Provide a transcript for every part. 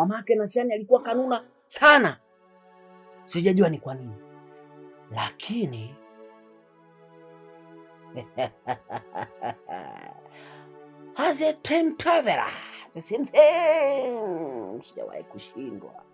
mama yake na shani alikuwa kanuna sana, sijajua ni kwa nini lakini as time traveler sijawahi kushindwa.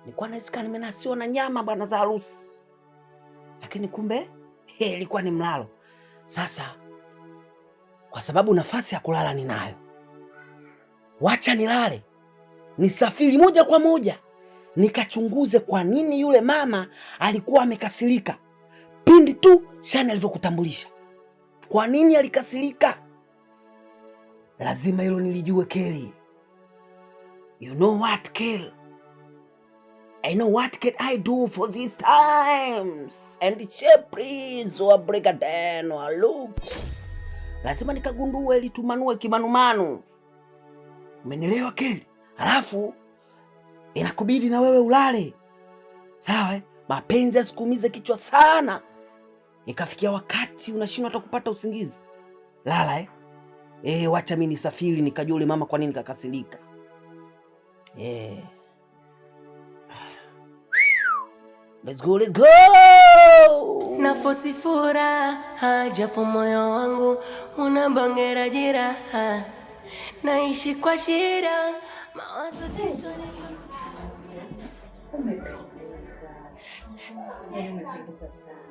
Nilikuwa nazika nimenasiwa na nyama bwana za harusi, lakini kumbe ilikuwa ni mlalo. Sasa kwa sababu nafasi ya kulala ninayo wacha nilale nisafiri moja kwa moja nikachunguze kwa nini yule mama alikuwa amekasirika pindi tu Shani alivyokutambulisha. Kwa nini alikasirika? Lazima hilo nilijue Keli. You know what Kel? I know what can I do for these times and chepris wa break wa look. Lazima nikagundue litumanue kimanumanu Umenielewa Keli? Alafu inakubidi na wewe ulale, sawa? Eh? Mapenzi asikuumize kichwa sana, ikafikia wakati unashindwa hata kupata usingizi. Lala eh? Eh, wacha mi nisafiri nikajua ule mama kwa nini kakasirika. eh. Let's go, let's go. Nafosi furaha japo moyo wangu unabongera jiraha naishi kwa shida, mawazo kichwani. Yaani umependeza sana.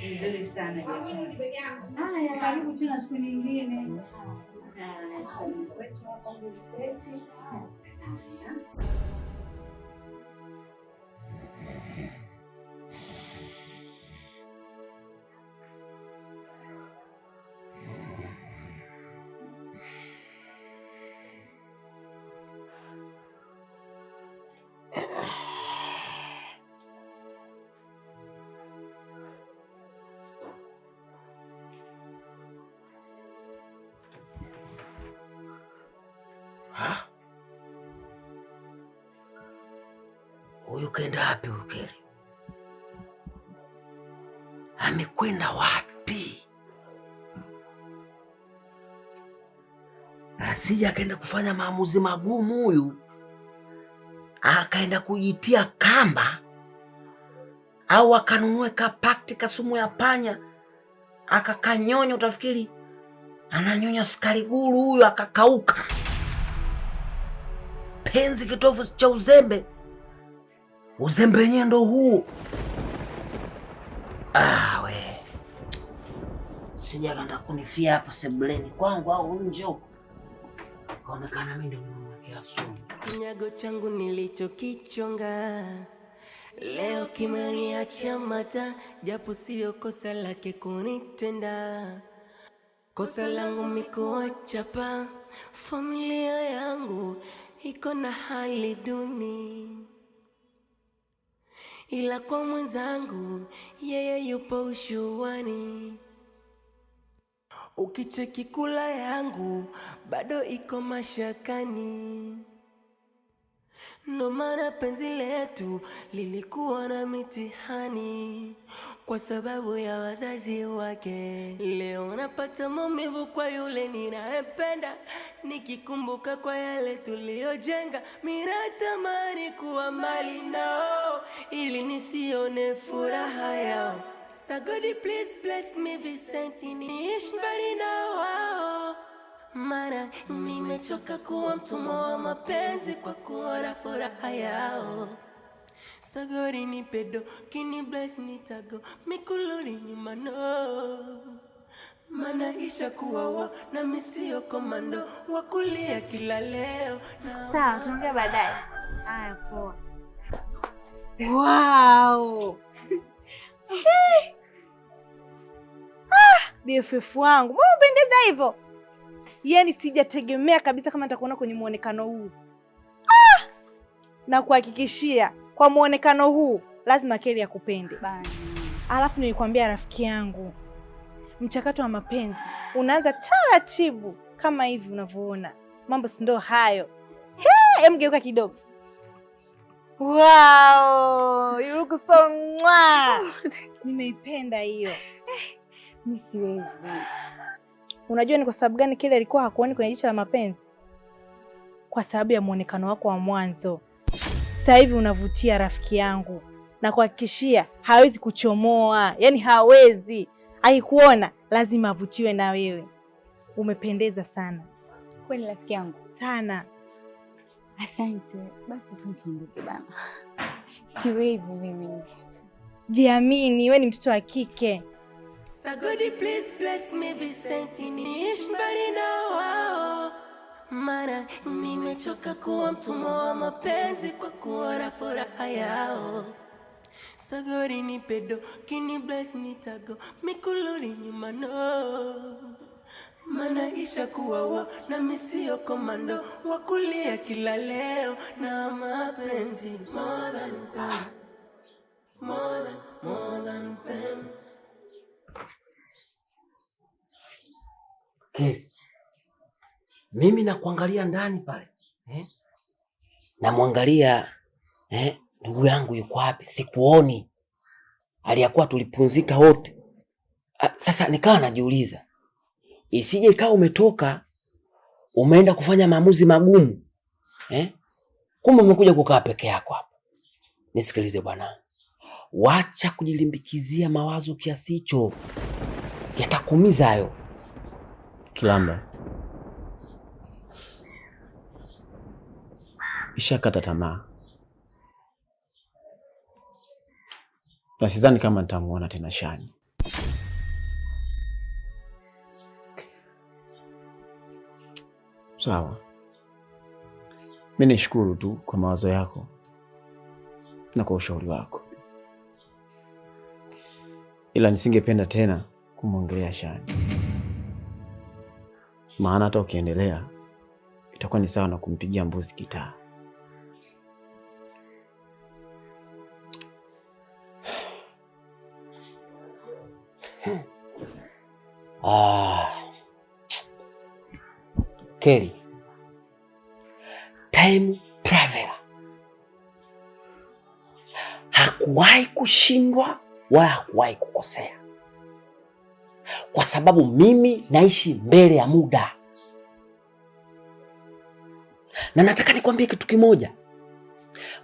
Vizuri sana. Haya, karibu tena siku nyingine. huyu kaenda wapi? Ukeri amekwenda wapi? Asija akaenda kufanya maamuzi magumu huyu, akaenda kujitia kamba, au akanunue kapakti kasumu ya panya akakanyonya, utafikiri ananyonya sukari guru huyu, akakauka. Penzi kitovu cha uzembe Uzembe wenyewe ndo huu. Ah, we sijakanda kunifia hapa sebuleni kwangu au nje huko, kaonekana mimi ndo nimemwekea sumu. Kinyago changu nilichokichonga leo kimeniacha mata, japo siyo kosa lake kunitenda. Kosa langu mikuachapa, familia yangu iko na hali duni ila kwa mwenzangu yeye yupo ushuani. Ukicheki kula yangu bado iko mashakani. Ndo maana penzi letu lilikuwa na mitihani kwa sababu ya wazazi wake. Leo napata maumivu kwa yule ninayependa, nikikumbuka kwa yale tuliyojenga. Mimi kuwa mbali nao ili nisione furaha yao. So God please bless me Vincent, niishi mbali na wao mara nimechoka kuwa mtumwa wa mapenzi kwa kuora furaha yao. Sagori ni pedo kini bless ni tago mikuluri ni mano manaisha kuwa wa na misio komando wakulia kila leo na sawa, tuongea baadaye. Haya, poa. Wow. Ah, BFF wangu, mbona upendeza hivyo? yani sijategemea kabisa kama nitakuona kwenye muonekano huu ah! na kuhakikishia kwa muonekano huu lazima Keli akupende. Alafu nilikwambia rafiki yangu, mchakato wa mapenzi unaanza taratibu kama hivi unavyoona, mambo si ndo hayo? He, mgeuka kidogo. Wow, you look so mwa nimeipenda hiyo. Eh, mi siwezi Unajua ni kwa sababu gani kile alikuwa hakuoni kwenye jicho la mapenzi? Kwa sababu ya muonekano wako wa mwanzo. Sasa hivi unavutia rafiki yangu, na kuhakikishia hawezi kuchomoa, yaani hawezi. Akikuona lazima avutiwe na wewe. Umependeza sana kweli, rafiki yangu sana. Asante. Basi tuondoke bana, siwezi mimi. Jiamini, we ni mtoto wa kike. Sir please bless me Vicenti, niishi mbali na wao, mara nimechoka kuwa mtumwa wa mapenzi kwa kuora furaha yao. sagori ni pedo kini bless tago mikululi nyuma no mana isha wa na misio komando wakulia kila leo na mapenzi more than mimi nakuangalia ndani pale eh? Namwangalia eh, ndugu yangu yuko wapi? Sikuoni, aliyakuwa tulipunzika wote. Sasa nikawa najiuliza isije ikawa umetoka umeenda kufanya maamuzi magumu eh? Kumbe umekuja kukaa peke yako hapa. Nisikilize bwana, wacha kujilimbikizia mawazo kiasi hicho, yatakuumiza hayo Kilamba. Nishakata tamaa na sidhani kama nitamuona tena Shani. Sawa, mi nishukuru tu kwa mawazo yako na kwa ushauri wako, ila nisingependa tena kumwongelea Shani, maana hata ukiendelea itakuwa ni sawa na kumpigia mbuzi kitaa. Ah. Kelly. Time traveler hakuwahi kushindwa wala hakuwahi kukosea, kwa sababu mimi naishi mbele ya muda, na nataka nikwambie kitu kimoja,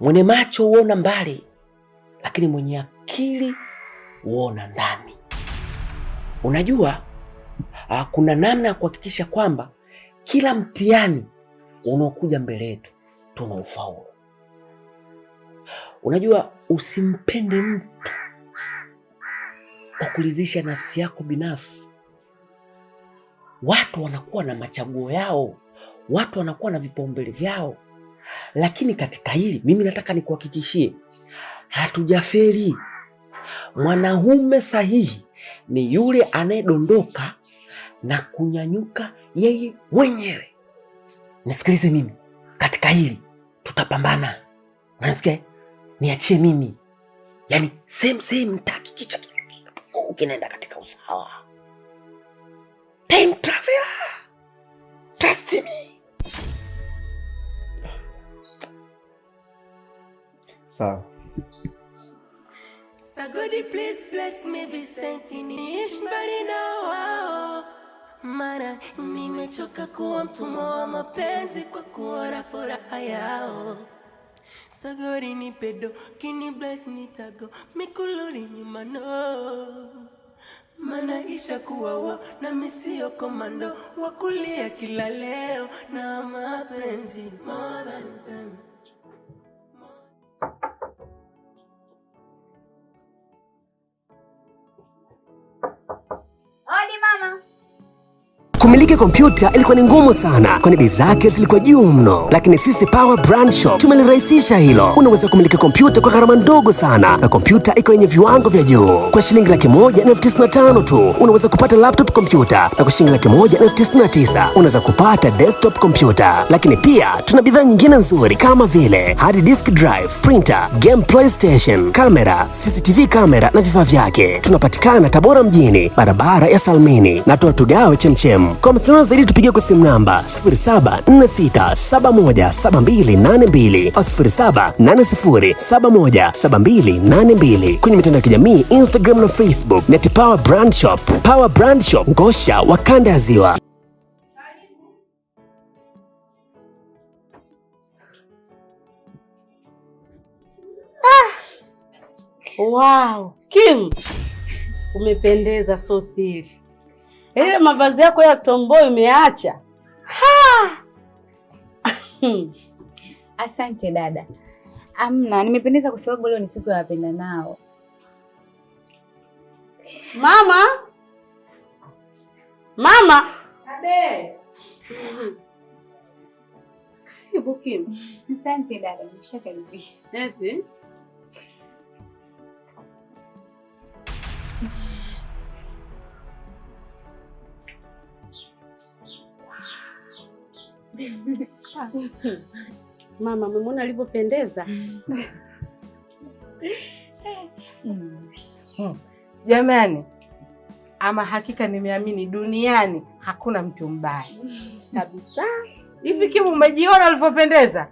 mwenye macho huona mbali, lakini mwenye akili huona ndani. Unajua Ah, kuna namna ya kuhakikisha kwamba kila mtihani unaokuja mbele yetu tuna ufaulu Unajua, usimpende mtu kwa kulizisha nafsi yako binafsi. Watu wanakuwa na machaguo yao, watu wanakuwa na vipaumbele vyao, lakini katika hili mimi nataka nikuhakikishie hatujafeli. Mwanaume sahihi ni yule anayedondoka na kunyanyuka yeye mwenyewe. Nisikilize mimi katika hili, tutapambana. Unasikia? Niachie mimi, yaani same same, nitahakikisha kinaenda katika usawa. Time traveler, trust me. Sawa. please bless me Vincent, niishi mbali na wao mara nimechoka kuwa mtumwa wa mapenzi kwa kuora furaha yao sagori ni pedo kini bless ni tago mikuluri ni mano isha kuwa wa na misio komando wakulia kila leo na mapenzi more than them Kumiliki kompyuta ilikuwa ni ngumu sana, kwani bei zake zilikuwa juu mno, lakini sisi Power Brand Shop tumelirahisisha hilo. Unaweza kumiliki kompyuta kwa gharama ndogo sana, na kompyuta iko yenye viwango vya juu. Kwa shilingi laki moja na elfu tisini na tano tu unaweza kupata laptop kompyuta, na kwa shilingi laki moja na elfu tisini na tisa unaweza kupata desktop kompyuta. Lakini pia tuna bidhaa nyingine nzuri kama vile hard disk drive, printer, game playstation, kamera, CCTV kamera na vifaa vyake. Tunapatikana Tabora mjini, barabara ya Salmini na Tuatugawe Chemchem. Kwa msana zaidi tupigie kwa simu namba 0746717282 0780717282 kwenye mitandao ya kijamii Instagram na Facebook na Power Brand Shop. Power Brand Shop, ngosha wa kanda ya Ziwa. Ah! Wow, Kim umependeza so siri ile mavazi yako ya tomboy umeacha. Hmm. Asante dada. Amna, nimependeza kwa sababu leo ni siku ya wapenda nao. Mama, mama, abe. Karibu Kim. Asante dada, nimeshakaribia. Eti. Mama, umemwona alivyopendeza mm. Mm. Mm. jamani? Ama hakika nimeamini duniani hakuna mtu mbaya kabisa. Hivi Kimu, umejiona ulivyopendeza?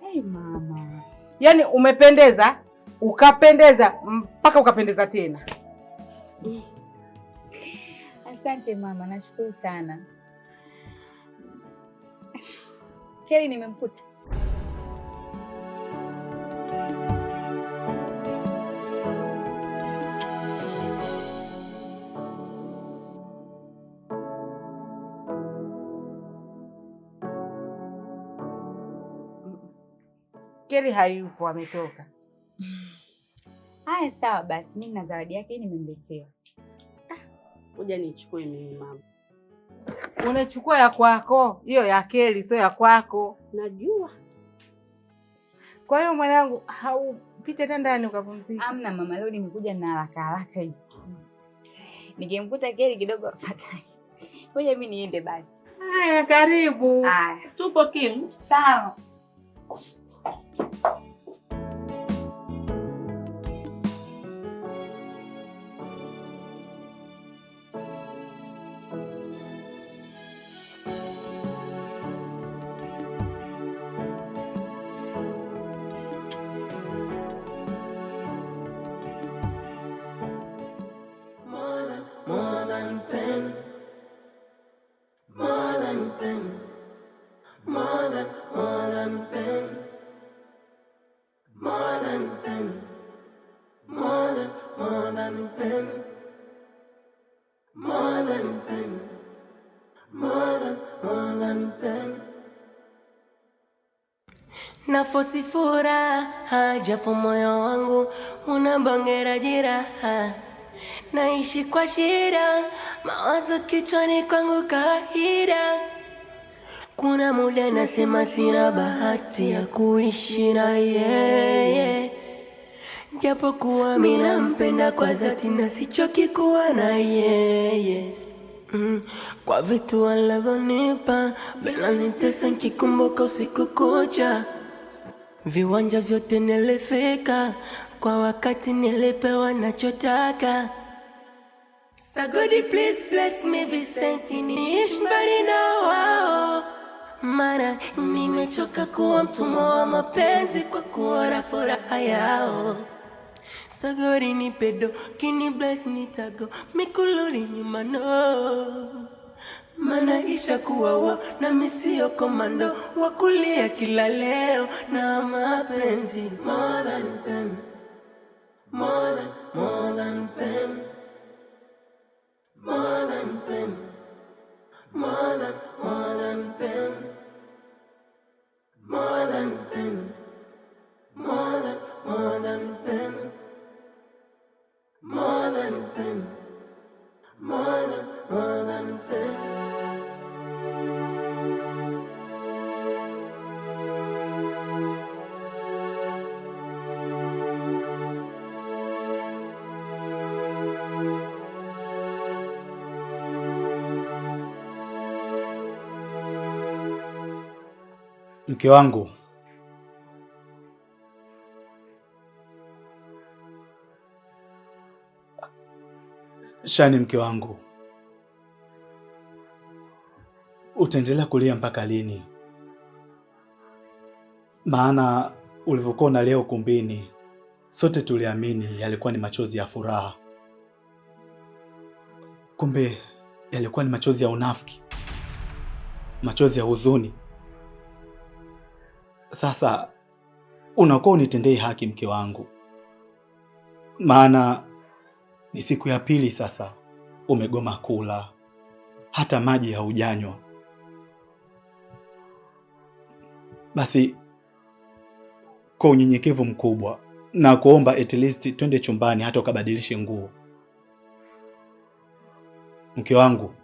Hey, mama, yaani umependeza ukapendeza mpaka ukapendeza tena. Asante mama, nashukuru sana. Keli nimemkuta. Keli hayupo, ametoka. Haya, sawa basi, mimi na zawadi yake nimemletea. Kuja ah, nichukue mimi mama. Unachukua ya kwako, hiyo ya Keli sio ya kwako. Najua. Kwa hiyo mwanangu, haupite hata ndani ukapumzika. Amna mama, leo nimekuja na haraka haraka hizi. Nikimkuta Keli kidogo afadhali. Ngoja mimi niende basi. Haya, karibu. Haya. Tupo Kim. Sawa. more than pen, more than pen, more than, more than pen. Nafosi furaha japo moyo wangu unabongera jiraha, naishi kwa shida, mawazo kichwani kwangu kawaida. Kuna muda nasema sina bahati ya kuishi na yeye japokuwa mimi nampenda kwa dhati na sichoki kuwa na yeye mm. Kwa vitu alivyonipa bila nitesa, nikikumbuka usiku kucha, viwanja vyote nilifika kwa wakati, nilipewa nachotaka. So God please bless me visenti niishi mbali na wao, mara nimechoka kuwa mtumwa wa mapenzi kwa kuora furaha yao. Sagari ni pedo, kini bless ni tago, mikuluri nyuma no. Mana isha kuwa na misio komando, wakulia kila leo na mapenzi more than pen. More than, more than pen. More than pen. More than, more than pen. More than pen. More than, more than pen. mke wangu. Shani, mke wangu, utaendelea kulia mpaka lini? Maana ulivyokuwa unalia ukumbini, sote tuliamini yalikuwa ni machozi ya furaha, kumbe yalikuwa ni machozi ya unafiki, machozi ya huzuni. Sasa unakuwa unitendei haki mke wangu, maana ni siku ya pili sasa umegoma kula, hata maji haujanywa. Basi kwa unyenyekevu mkubwa na kuomba at least twende chumbani, hata ukabadilishe nguo mke wangu.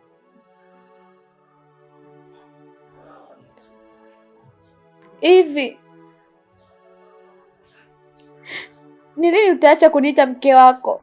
Hivi ni nini utaacha kuniita mke wako?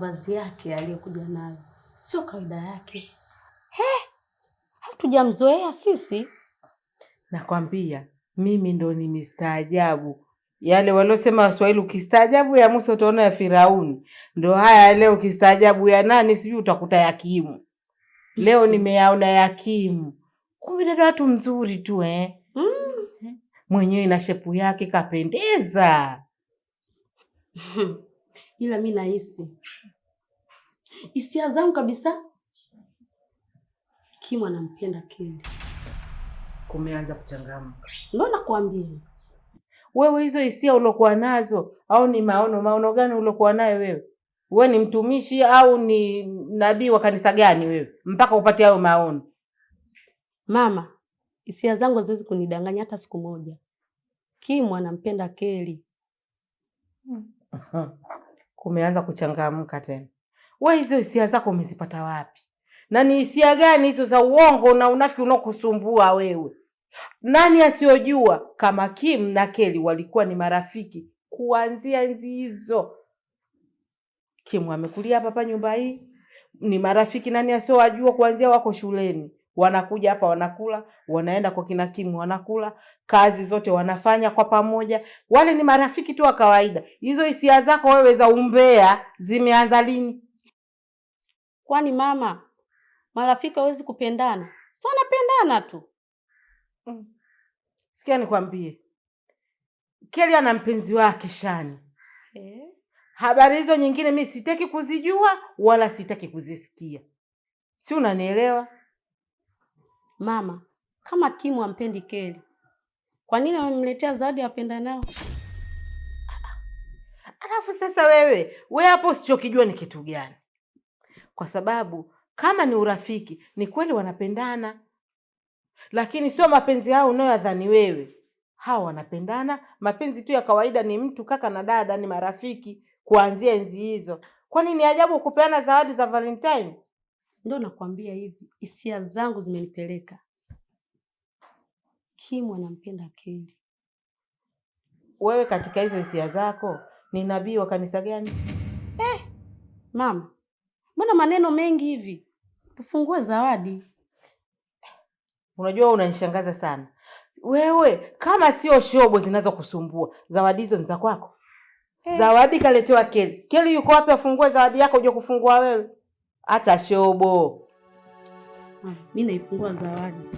mavazi yake aliyokuja nayo sio kawaida yake. He, hatujamzoea sisi. Nakwambia mimi ndo ni mistaajabu. Yale waliosema Waswahili, ukistaajabu ya Musa utaona ya Firauni, ndo haya leo. Ukistaajabu ya nani sijui utakuta yakimu. Leo nimeyaona yakimu, kumbe dada watu mzuri tu eh? Mm. Mwenyewe na shepu yake kapendeza ila mi nahisi hisia zangu kabisa, Kimu anampenda Kende. Kumeanza kuchangamka, ndo nakwambia wewe. Hizo hisia uliokuwa nazo au ni maono? Maono gani uliokuwa nayo wewe? Wewe ni mtumishi au ni nabii wa kanisa gani wewe mpaka upate hayo maono? Mama, hisia zangu haziwezi kunidanganya hata siku moja. Kimu anampenda Keli. kumeanza kuchangamka tena. We, hizo hisia zako umezipata wapi? Na ni hisia gani hizo za uongo na unafiki unaokusumbua wewe? Nani asiyojua kama Kim na Kelly walikuwa ni marafiki kuanzia enzi hizo? Kim amekulia hapa hapa nyumba hii, ni marafiki, nani asiyowajua kuanzia wako shuleni wanakuja hapa wanakula, wanaenda kwa kina Kimu wanakula, kazi zote wanafanya kwa pamoja. Wale ni marafiki tu wa kawaida. Hizo hisia zako wewe za umbea zimeanza lini? Kwani mama, marafiki hawezi kupendana? Si wanapendana tu. Mm. Sikia nikwambie, Keli ana mpenzi wake Shani. Eh. Habari hizo nyingine mi sitaki kuzijua wala sitaki kuzisikia, si unanielewa? Mama, kama Kimu ampendi Keli, kwa nini amemletea zawadi apenda nao? Alafu sasa wewe we hapo usichokijua ni kitu gani? Kwa sababu kama ni urafiki, ni kweli wanapendana, lakini sio mapenzi yao unayodhani wewe. Hawa wanapendana mapenzi tu ya kawaida, ni mtu kaka na dada, ni marafiki kuanzia enzi hizo. Kwani ni ajabu kupeana zawadi za Valentine? Ndio nakwambia hivi, hisia zangu zimenipeleka. Kimu anampenda Keli. Wewe katika hizo hisia zako ni nabii wa kanisa gani? Eh, mama, mbona maneno mengi hivi? Tufungue zawadi. Unajua unanishangaza sana wewe, kama sio shobo zinazokusumbua zawadi hizo ni za kwako. Hey. Eh. Zawadi kaletewa Keli. Keli yuko wapi? Afungue zawadi yako, uje kufungua wewe hata shobo. Ah, mimi naifungua zawadi.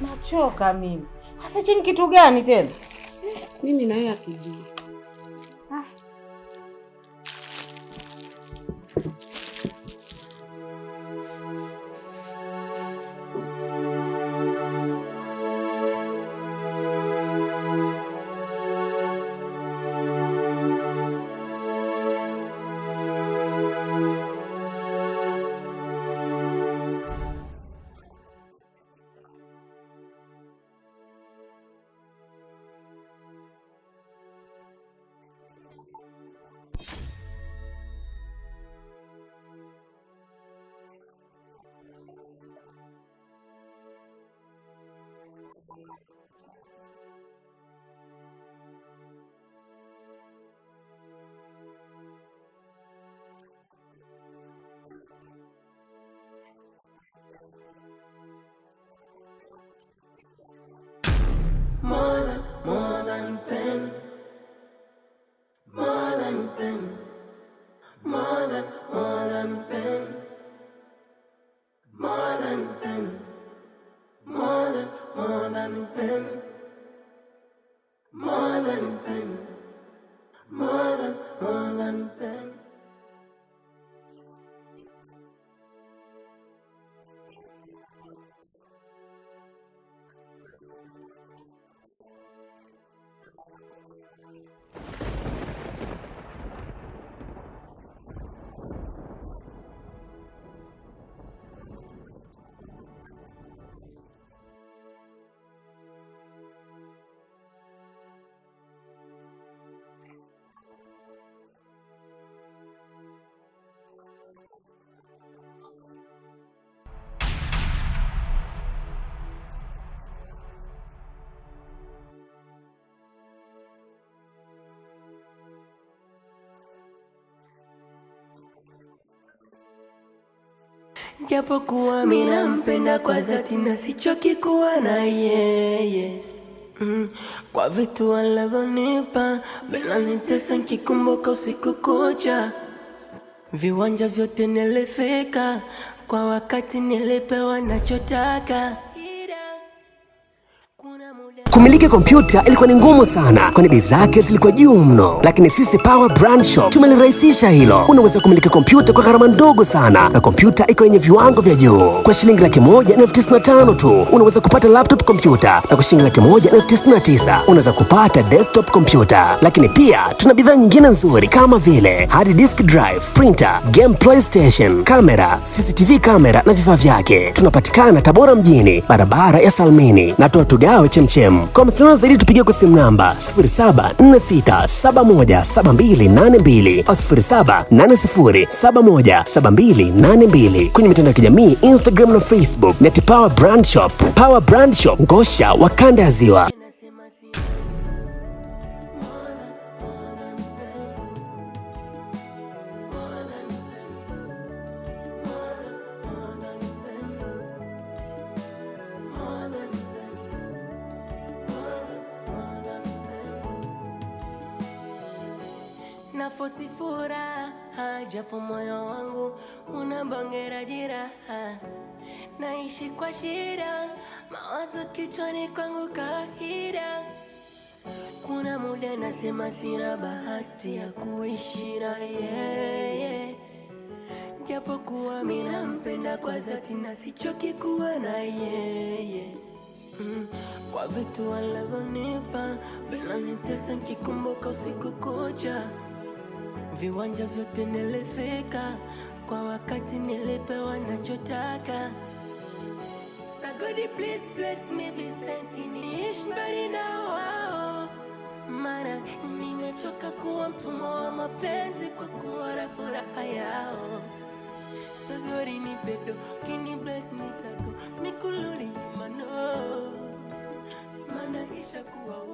Nachoka mimi hasa chini, kitu gani tena? Mimi nawe akijua japokuwa mimi nampenda kwa dhati na sichoki kuwa na yeye mm. Kwa vitu alivyonipa bila nitesa, nikikumbuka usiku kucha, viwanja vyote nilifika kwa wakati, nilipewa nachotaka Kumiliki kompyuta ilikuwa ni ngumu sana, kwani bei zake zilikuwa juu mno, lakini sisi Power Brand Shop tumelirahisisha hilo. Unaweza kumiliki kompyuta kwa gharama ndogo sana, na kompyuta iko yenye viwango vya juu. Kwa shilingi laki moja na elfu tisini na tano tu unaweza kupata laptop kompyuta, na kwa shilingi laki moja na elfu tisini na tisa unaweza kupata desktop kompyuta. Lakini pia tuna bidhaa nyingine nzuri kama vile hard disk drive, printer, game playstation, kamera, CCTV kamera na vifaa vyake. Tunapatikana Tabora mjini, barabara ya Salmini na tuatugawe chemchem. Kwa msano zaidi tupigie kwa simu namba 0746717282 0780717282 kwenye mitandao ya kijamii Instagram na Facebook, Power Brand Shop, Power Brand Shop Ngosha wa Kanda ya Ziwa. japo moyo wangu unabongera jiraha, naishi kwa shida, mawazo kichwani kwangu kawaida. Kuna muda nasema sina bahati ya kuishi na yeye, japo kuwa mimi nampenda kwa dhati na sichoki kuwa na yeye mm, Kwa vitu alivyonipa bila nitesa, nikikumbuka usiku kucha Viwanja vyote nilifika, kwa wakati nilipewa nachotaka. Sagodi please bless me Vincent, niishi mbali na wao, mara nimechoka kuwa mtumwa wa mapenzi kwa kuora furaha yao. Sagodi ni pedo kini bless ni mikuluri ni mano, maana isha kuwa